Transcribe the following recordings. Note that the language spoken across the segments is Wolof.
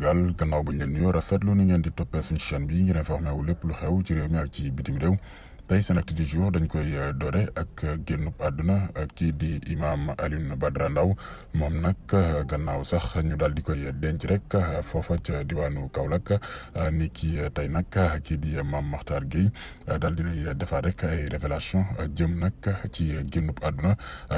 Sénégal gannaaw bañ leen nuyoo rafetlu ni ngeen di toppee suñu chaîne bi ngir informé wu lépp lu xew ci mi ak ci bitim réew tey seen acte du jour dañ koy euh, doore ak euh, génnub àdduna euh, kii di imaam Alioune Badara Ndao moom nag gannaaw sax ñu daal di koy denc rek foofa ca diwaanu Kaolack ni ki tey nag kii di maam Makhtar Gueye daal di lay defaat rek ay révélation jëm nag ci génnub àdduna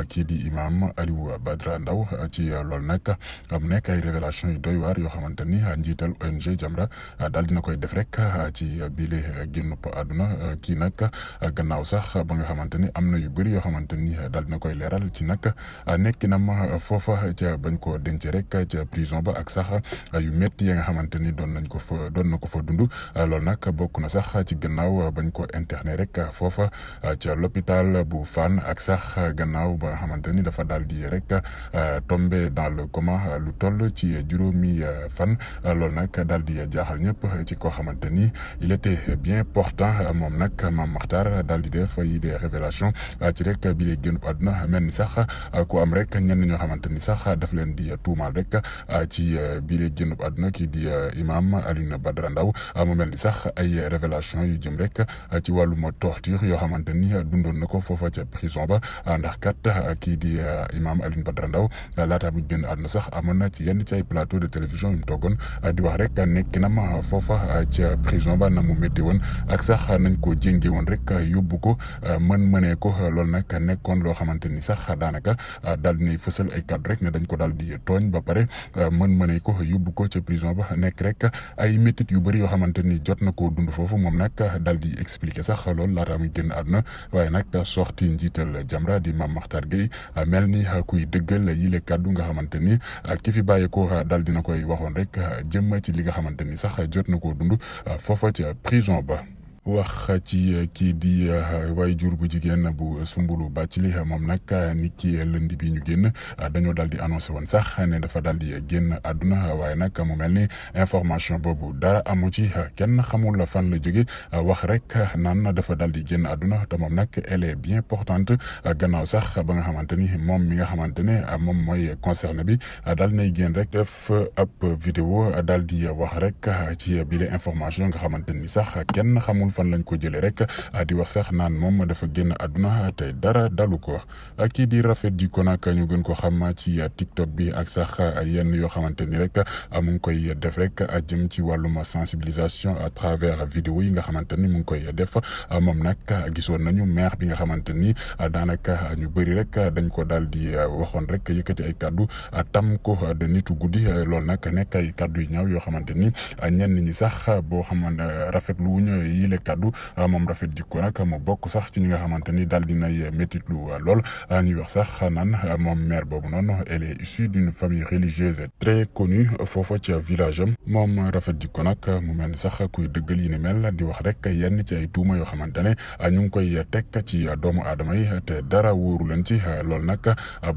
kii di imaam Alioune Ndao ci loolu nag am nekk ay révélation yu yoo xamante ni njiital ONG Jamra daal dina koy def rek ci biile génnub àdduna kii nag. Euh, gannaaw sax ba nga xamante ni am na yu bëri yoo xamante ni euh, daal dina koy leeral ci nag euh, nekkinam foofa ca bañ koo denc rek ci prison ba ak sax yu métti ya nga xamante ni doon nañ ko fa doon na ko fa dund loolu nag bokk na sax ci gannaaw bañ ko interné rek foofa ca l'hôpital bu Fann ak sax gannaaw ba nga xamante ni dafa daal di rek tombé dans le coma lu toll ci juróomi fan loolu nag dal di jaaxal ñëpp ci koo xamante ni il était bien portant moom nag maam Matar daal di def yi des révélations ci rek bi lay génn àdduna mel ni sax ku am rek ñenn ñoo xamante ni sax daf leen di tuumaal rek ci bi lay génn àdduna kii di imam Alioune Badara Ndao mu mel ni sax ay révélation yu jëm rek ci wàllum torture yoo xamante ni dundoon na ko foofa ca prison ba ndax kat kii di imam Alioune Badara Ndao laata mu génn àdduna sax amoon na ci yenn ci ay plateau de télévision yu mu toggoon di wax rek nekkinam foofa ca prison ba na mu métti woon ak sax nañ ko jéngee woon rek yóbbu ko euh, mën mënee ko lool nag nekkoon loo xamante ni sax daanaka euh, daal dinay fësal ay kàddu rek ne dañ ko daal di tooñ ba pare euh, mën mënee ko yóbbu ko ca prison ba nekk rek ay métit yu bëri yoo xamante ni jot na koo dund foofu moom nag daal di expliquer sax loolu laata muy génn àdduna waaye nag sorti njiital Jamra di Mame Makhtar Gueye mel ni kuy dëggal yile kàddu nga xamante ni ki fi bàyyeekoo daal dina koy waxoon rek jëm ci li nga xamante ni sax jot na koo dund foofa ca prison ba wax ci eh, kii di eh, waay jur bu jigéen bu Soumboulou Bathily eh, moom nag nit ki lënd bi ñu génn dañoo daal di annoncé woon sax ne dafa daal di génn àdduna waaye nag mu mel ni information boobu dara amu ci kenn xamul fan la jóge wax rek naan dafa daal di génn àdduna te moom nag elle bien portante gannaaw sax ba nga xamante ni moom mi nga xamante ne moom mooy concerné bi daal di nay génn rek def ab vidéo daal di wax rek ci bile information nga xamante ni sax kenn xamul. fan lañ ko jëlee rek ah, di wax sax naan moom dafa génn àdduna ah, tey dara dalu ko ah, kii di rafet ji ko nag ñu gën ko xam ci TikTok bi ak sax yenn yoo xamante ni rek mu ngi koy def rek jëm ci wàllum sensibilisation à travers yi nga xamante ni mu ngi koy def moom nag gisoon nañu maire bi nga xamante ni daanaka ñu bëri rek dañ ko daal di waxoon rek yëkkati ay kàddu tam ko de nitu guddi loolu nag nekk ay kàddu yu ñaaw yoo xamante ni ñenn ñi sax boo xaman rafetlu wuñu yi kaddu euh, moom rafet jikko nag mu bokk sax ci ñi nga xamante ni daal dinay métitlu euh, lool euh, ñuy wax sax naan moom maire boobu noonu elle est issue d'une famille religieuse très connue foofa ci village am moom rafet jikko nag mu mel sax kuy dëggal yi ni mel di wax rek yenn ci ay tuuma yoo xamante ne ñu ngi koy teg ci doomu aadama yi te dara wóoru leen ci loolu nag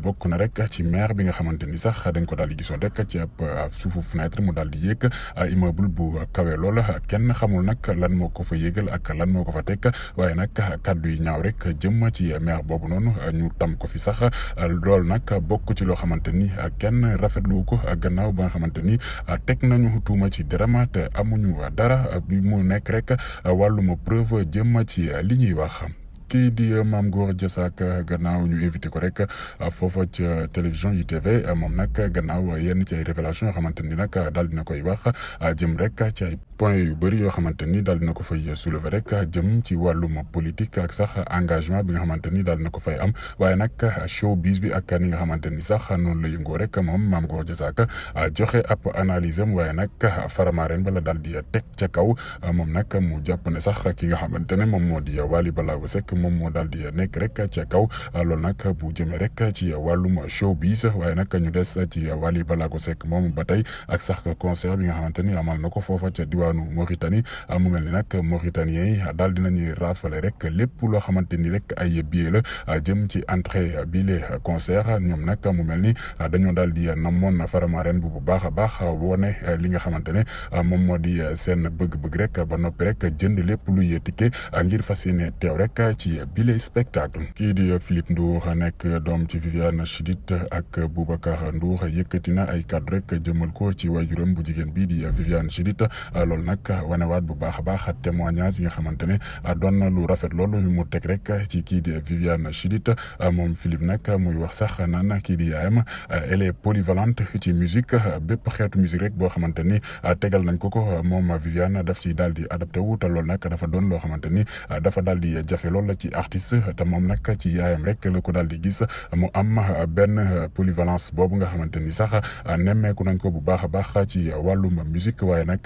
bokk na rek ci maire bi nga xamante ni sax dañ ko daal di gisoon rek ci ab suufu fenêtre mu daal di yéeg immeuble bu kawe lool kenn xamul nag lan moo ko fa yëgal ak lan moo ko fa teg waaye nag kàddu yi ñaaw rek jëm ci maire boobu noonu ñu tam ko fi sax loolu nag bokk ci loo xamante ni kenn rafetlu ko gannaaw ba nga xamante ni teg nañu tuuma ci dërëm te amuñu dara mu nekk rek wàllum preuve jëm ci li ñuy wax. kii di maam Mame Gor Diassak gannaaw ñu invité ko rek foofa ca télévision ITV moom nag gannaaw yenn ci ay révélation yoo xamante ni nag daal dina koy wax jëm rek ci ay point yu bëri yoo xamante ni daal dina ko fay soulever rek jëm ci wàllum politique ak sax engagement bi nga xamante ni daal dina ko fay am waaye nag showbiz bi ak ni nga xamante ni sax noonu la yëngoo rek moom Mame Gor Diazaka joxe ab analyse am waaye nag faramaren bala daal di teg ca kaw moom nag mu jàpp ne sax ki nga xamante ne moom moo di Wally Ballago Seck moom moo di nekk rek ca kaw loolu nag bu jëmee rek ci wàllum showbiz waaye nag ñu des ci Wally Ballago Seck moom ba tey ak sax concert bi nga xamante ni amal na ko foofa ca diwaan diwaanu Mauritanie ah, mu mel ni nag Mauritaniens yi daal dinañuy raafale rek lépp loo xamante ni rek ay billet la ah, jëm ci entrée bi les concert ñoom nag mu mel ni ah, dañoo daal di namoon Faramaren bu bu baax a baax wone li nga xamante ne moom moo di seen bëgg-bëgg rek ba noppi rek jënd lép lépp luy ticket ngir fas yéene teew rek ci bile spectacle kii di Philippe a nekk doom ci Viviane Chidid ak Boubacar Ndour yëkkati na ay kàddu rek jëmal ko ci waajuram bu jigéen bii di Viviane Chidid loolu nag wanewaat bu baax a baax témoignage yi nga xamante ne doon na lu rafet loolu mu teg rek ci kii di Viviane Chidid moom Philippe nag muy wax sax naan kii di yaayam elle est polyvalente ci musique bépp xeetu musique rek boo xamante ni tegal nañ ko ko moom Viviane def ci daal di adapté wu te loolu nag dafa doon loo xamante ni dafa daal di jafe lool ci artiste te moom nag ci yaayam rek la ko daal di gis mu am benn polyvalence boobu nga xamante ni sax nemmeeku nañ ko bu baax a baax ci wàllum musique waaye nag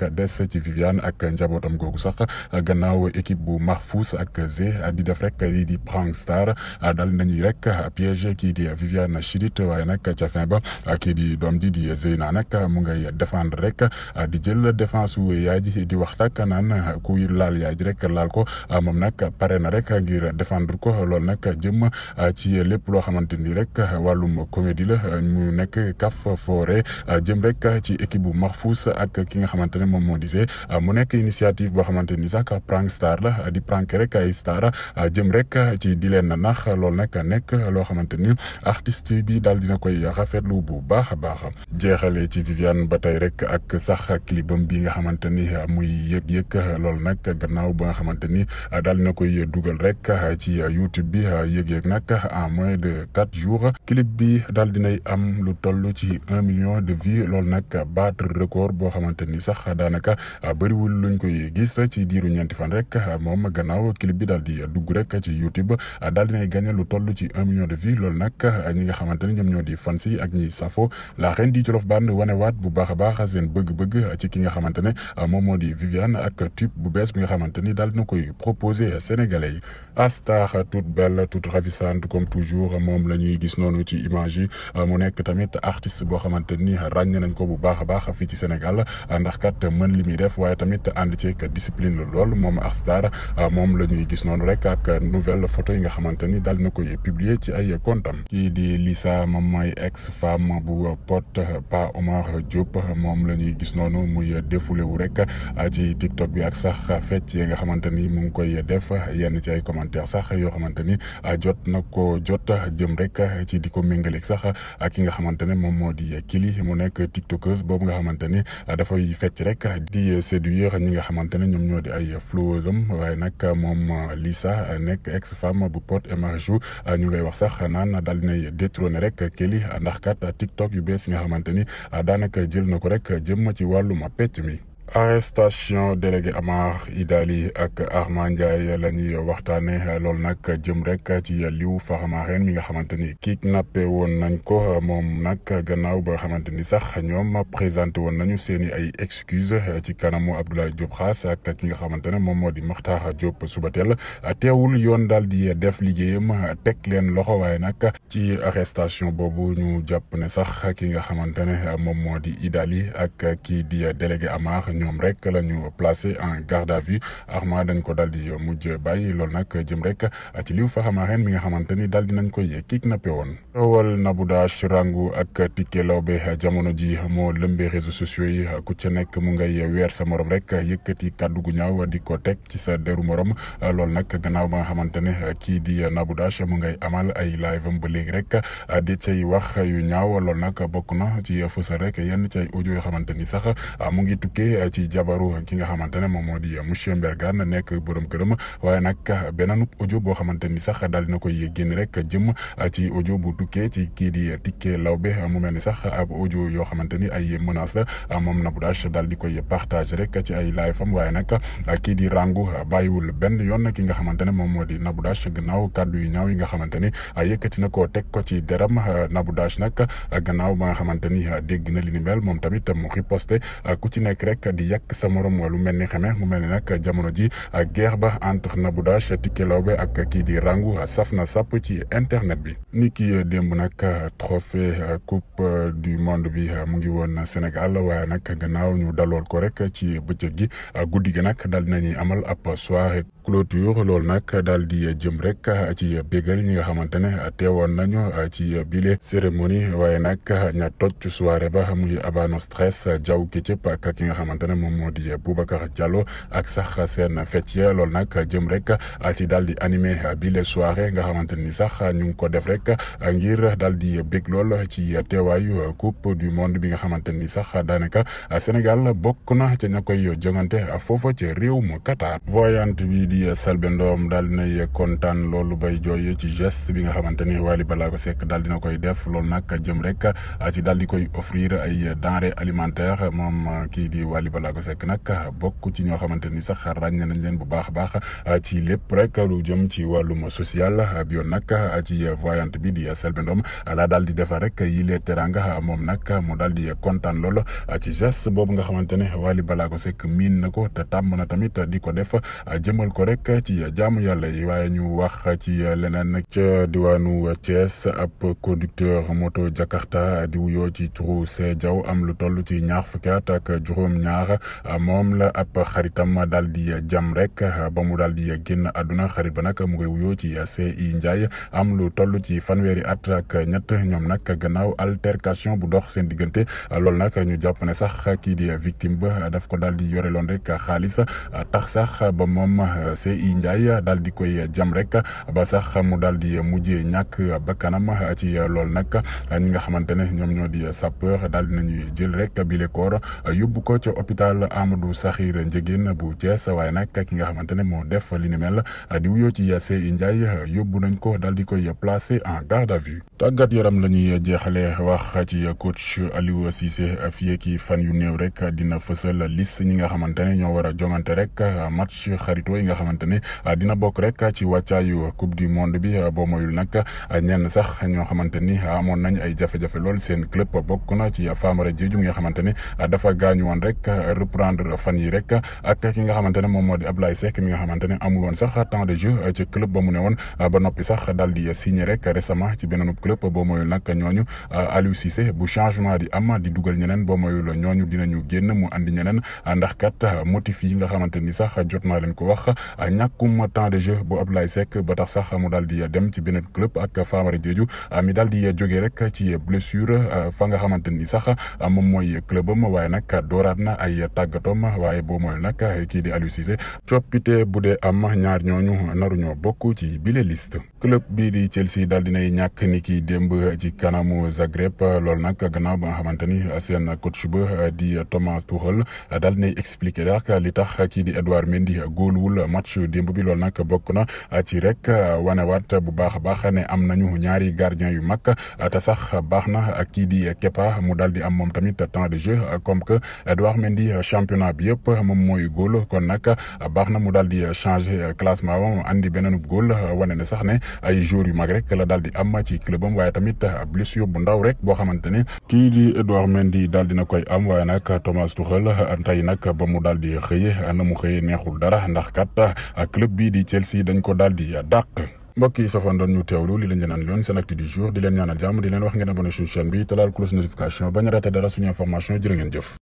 ci Viviane ak njabootam googu sax gannaaw équipe bu Mahfous ak Zé di def rek lii di Prank Star dal nañuy rek piège kii di Viviane Chidid waaye nag ca fin ba kii di doom ji di Zeyna nag mu ngay défendre rek di jël défense wu yaay ji di wax nag naan kuy laal yaay ji rek laal ko moom nag pare na rek ngir défendre ko loolu nag jëm ci lépp loo xamante ni rek wàllum comédie la mu nekk kaf foore jëm rek ci équipe bu Mahfous ak ki nga xamante ne moom moo di Euh, mu nekk initiative boo xamante ni sax prank star la euh, di prank rek ay star euh, jëm rek ci di leen nax loolu nag nekk loo xamante ni artiste bi daal dina koy rafetlu bu baax a baax jeexalee ci Viviane ba tey rek ak sax clipam bi nga xamante ni muy yëg-yëg loolu nag gannaaw ba nga xamante ni daal dina koy dugal rek ci YouTube bi yëg-yëg nag en moins de quatre jours clip bi daal dinay am lu toll ci un million de vues loolu nag battre record boo xamante ni sax daanaka Ah, bëriwul luñ koy gis ci diiru ñeenti fan rek ah, moom ma gannaaw clip bi daal di dugg rek ci YouTube ah, daal dinay gagné lu toll ci un million de vues loolu nag ñi nga xamante ne ñoom ñoo di fans yi ak ñi safo la Reine du Jolof Band waat bu baax a baax a seen bëgg-bëgg ci ki nga xamante ne moom moo di Viviane ak tube bu bees bi nga xamante ni daal dina koy proposé Sénégalais yi astar toute belle toute ravissante comme toujours moom la ñuy gis noonu ci image yi mu nekk tamit artiste boo xamante ni ràññe nañ ko bu baax a baax fii ci Sénégal ndax mën li def waaye tamit ànd ci ak discipline la lool moom Arstar ah, moom la ñuy gis noonu rek ak nouvelle photo yi nga xamante ni daal na koy publier ci ay comptam ci di Lisa moom mooy ex femme bu porte pa Omar Diop moom la ñuy gis noonu muy défoulé wu rek ah, ci TikTok bi ak sax fec yi nga xamante ni mu ngi koy def yenn ci ay commentaire sax yoo xamante ni ah, jot na ko jot jëm rek ci di ko méngaleeg sax ak ki nga xamante ne moom moo di Kili mu nekk tiktokeuse boobu nga xamante ni dafay rek di séduire ñi nga xamante ne ñoom ñoo di ay floueuram waaye nag moom euh, Lisa euh, nekk ex femme bu Pod et Marichou euh, ñu ngay wax sax naan daal dinay détrôné rek Kelly ndax kat TikTok yu bees yi nga xamante ni daanaka jël na ko rek jëm ci wàllum pecc mi. arrestation délégué Amar Idali ak Armand Ndiaye la ñuy waxtaanee loolu nag jëm rek ci liw Faramareen mi nga xamante ni nappe woon nañ ko moom nag gannaaw ba nga xamante ni sax ñoom présenté woon nañu seen i ay excuse ci kanamu Abdoulaye Diop Xaas ak ki nga xamante ne moom moo di Makhtar Diop Soubatel teewul yoon daal di def liggéeyam tek leen loxo waaye nag ci arrestation boobu ñu jàpp ne sax ki nga xamante ne moom moo di Idali ak kii di délégué Amar. ñoom rek la en garde à vue Arma ko daal di mujj bàyyi loolu nag jëm rek ci liw Faxamaareen mi nga xamante ni daal di nañ koy kidnappé woon. wal Naboudache Rangou ak Tické Lawbe jamono ji moo lëmbee réseaux sociaux yi ku ci nekk mu ngay weer sa morom rek yëkkati kàddu gu ñaaw di ko teg ci sa deru moroom loolu nag gannaaw ba nga xamante ne kii di Naboudache mu ngay amal ay live am ba léegi rek di cay wax yu ñaaw loolu nag bokk na ci fësal rek yenn ci ay audio xamante ni sax mu ngi tukkee. ci jabaru ki nga xamante ne moom moo di monsieur Mbergane nekk borom këram waaye nag beneen audio boo xamante ni sax daal dina koy génn rek jëm ci audio bu tukkee ci kii di Tické Lawbe mu mel ni sax ab yoo xamante ni ay menaces moom Nabou daal di koy partage rek ci ay live fam waaye nag kii di Rangou bàyyiwul benn yoon ki nga xamante ne moom moo di Nabou Dash gannaaw kàddu yu ñaaw yi nga xamante ni yëkkati na ko teg ko ci deram Nabou Dash nag gannaaw ba nga xamante ni dégg na li ni moom tamit mu riposte ku ci nekk rek. di yàq sa morom lu mel ni xeme mu mel ni nag jamono ji geex ba entre Nabou Dash Tické Laobé ak kii di Rangou saf na sàpp ci internet bi ni ki démb nag trophée coupe du monde bi mu ngi woon Sénégal waaye nag gannaaw ñu dalool ko rek ci bëccëg gi guddi gi nag dal dinañuy amal ab soirée clôture loolu nag daal di jëm rek ci bégal ñi nga xamante ne teewoon nañu ci bile cérémonie waaye nag ña toj ci soirée ba muy abano stress jaw ki cëpp ak ki nga xamante ne moom moo di Boubacar Diallo ak sax seen fecc lool loolu nag jëm rek a ci dal di animé bile soirée nga xamante ni sax ñu ngi ko def rek a ngir dal di bég lool ci teewaayu coupe du monde bi nga xamante ni sax daanaka Sénégal bokk na ca ña koy jongante foofa ca di Selbé Ndom daal dinay kontaan loolu bay jooy ci geste bi nga xamante ni Wally Ballago Seck daal dina koy def loolu nag jëm rek a ci daal di koy offrir ay denrées alimentaires moom kii di Wally Ballago Seck nag bokk ci ñoo xamante ni sax ràññe nañ leen bu baax a baax ci lépp rek lu jëm ci wàllum social bi yoon nag ci voyante bi di Selbé Ndom laa daal di defar rek yile teranga moom nag moo daal di kontaan lool ci geste boobu nga xamante ne Wally Ballago Seck miin na ko te tàmm na tamit di ko def jëmal ko ko rek ci jaamu yàlla yi waaye ñu wax ci leneen ca diwaanu Thiès ab conducteur moto Jakarta di wuyoo ci turu Se Diaw am lu toll ci ñaar fukki at ak juróom-ñaar moom la ab xaritam daal di jam rek ba mu daal di génn àdduna xarit ba nag mu ngi wuyoo ci Ndiaye am lu toll ci fanweeri at ak ñett ñoom nag gannaaw altercation bu dox seen diggante loolu nag ñu jàpp sax kii di victime ba daf ko daal di loon rek xaalis tax sax ba moom. CI Ndiaye daal di koy jam rek ba sax mu daal di mujje ñàkk bakkanam ci loolu nag ñi nga xamante ne ñoom ñoo di sapeur daal di nañu jël rek bile koor yóbbu ko ca hôpital Amadou Sakhir Ndiéguène bu Thiès waaye nag ki nga xamante ne moo def li ni mel di wuyoo ci CI Ndiaye yóbbu nañ ko dal di koy placé en garde à vue. tàggat yaram la ñuy jeexalee wax ci coach Aliou Cissé fii ki fan yu néew rek dina fësal liste ñi nga xamante ne ñoo war a jongante rek match xarito yi nga. xamante ni ah, dina bokk rek ci wàccaayu coupe du monde bi ah, boo moyul nag ah, ñenn sax ñoo xamante ni amoon nañ ay jafe-jafe lool seen club bokk na ci Famara Diédhiou mi nga xamante ni dafa gaañu woon rek reprendre fan yi rek ak ki nga xamante ne moom moo di Ablaye Seck mi nga xamante ne amul woon sax temps de jeu ci club ba mu ne woon ba noppi sax daal di signé rek récemment ci beneen club bo moyul nag ñooñu Aliou Cissé bu changement di am di dugal ñeneen boo moyul ñooñu dinañu génn mu andi ñeneen ndax kat motif yi nga xamante ni sax jot naa ko wax ñàkkum temps de jeu bu Abdoulaye Seck ba tax sax mu daal di dem ci beneen club ak Famara Diédhiou ah, mi daal di jógee rek ci blessure ah, fa nga xamante ni sax ah, moom mooy clubam waaye nag dooraat na ay tàggatoom waaye boo mooy nag kii di Aliou Cissé coppite bu dee am ñaar ñooñu naruñoo bokk ci bile liste. club bii di Chelsea daal nay ñàkk ni ki démb ci kanamu Zagreb loolu nag gannaaw ba nga xamante ni seen coach ba di Thomas Tuchel daal dinay expliquer rek li tax di Edouard Mendy góoluwul match yu démb bi loolu nag bokk na ah, ci rek ah, wanewaat bu baax a baax ne am nañu ñaari gardien yu mag ah, te sax baax na kii di Kepa mu daal di am moom tamit temps de jeu comme que Edouard Mendy championnat bi yëpp moom mooy góol kon nag baax na mu daal di changer classement am andi beneen góol wane ne sax ne ay joueurs yu mag rek la daal di am ci clubam waaye tamit blessure bu ndaw rek boo xamante ne kii di Edouard Mendy daal dina koy am waaye nag Thomas a tey nag ba mu daal di xëye na mu xëye neexul dara ndax kat ak club bii di Chelsea dañ ko daal di dàq. mbokk yi safoon doon ñu teewlu li lañ leen an loon seen acte du jour di leen ñaanal jàmm di leen wax ngeen abonné suñu bi te laal cloche notification bañ a raté dara suñu information jërë